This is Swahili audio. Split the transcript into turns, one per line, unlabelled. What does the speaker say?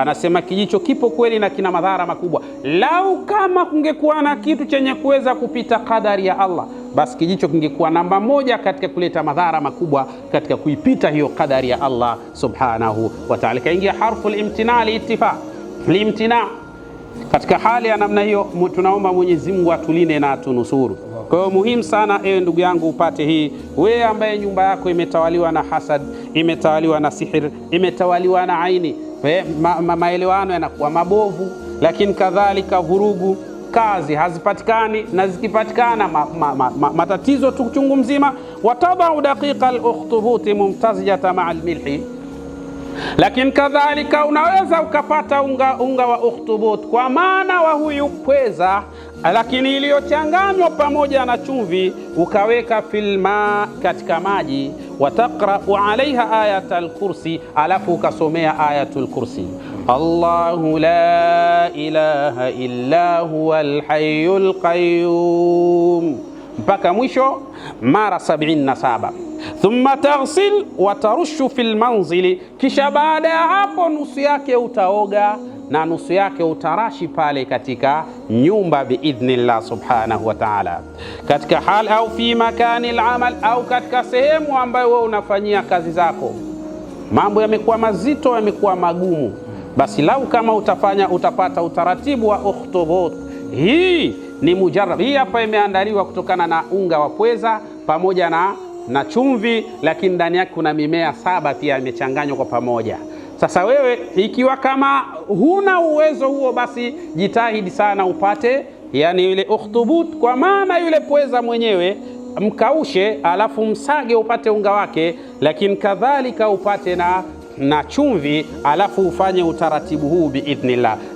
Anasema kijicho kipo kweli na kina madhara makubwa. Lau kama kungekuwa na kitu chenye kuweza kupita kadari ya Allah, basi kijicho kingekuwa namba moja katika kuleta madhara makubwa katika kuipita hiyo kadari ya Allah subhanahu wa ta'ala. Kaingia harfu limtina liitifa limtina. Katika hali ya namna hiyo, tunaomba Mwenyezi Mungu atuline na atunusuru. Kwa hiyo muhimu sana ewe ndugu yangu upate hii. Wewe ambaye nyumba yako imetawaliwa na hasad, imetawaliwa na sihir, imetawaliwa na aini Eh, ma, ma, maelewano yanakuwa mabovu, lakini kadhalika vurugu, kazi hazipatikani na zikipatikana ma, ma, ma, ma, matatizo chungu mzima. watabau daqiqa lukhtubuti ukhtubuti mumtazijata maa lmilhi milhi lakini kadhalika unaweza ukapata unga, unga wa ukhtubut kwa maana wa huyu pweza, lakini iliyochanganywa pamoja na chumvi, ukaweka filma katika maji wataqrau alaiha ayata lkursi, alafu ukasomea ayatul kursi. Allahu la ilaha illa huwa alhayyul qayyum mpaka mwisho mara 77 thumma taghsil watarushu fi lmanzili, kisha baada ya hapo nusu yake utaoga na nusu yake utarashi pale katika nyumba biidhnillah subhanahu wa ta'ala, katika hal au fi makani al-amal, au katika sehemu ambayo wewe unafanyia kazi zako. Mambo yamekuwa mazito, yamekuwa magumu, basi lau kama utafanya utapata utaratibu wa ukhtubut. Hii ni mujarab, hii hapa imeandaliwa kutokana na unga wa pweza pamoja na na chumvi, lakini ndani yake kuna mimea saba pia imechanganywa kwa pamoja. Sasa wewe ikiwa kama huna uwezo huo, basi jitahidi sana upate yani yule ukhtubut kwa maana yule pweza mwenyewe, mkaushe alafu msage upate unga wake, lakini kadhalika upate na na chumvi, alafu ufanye utaratibu huu biidhnillah.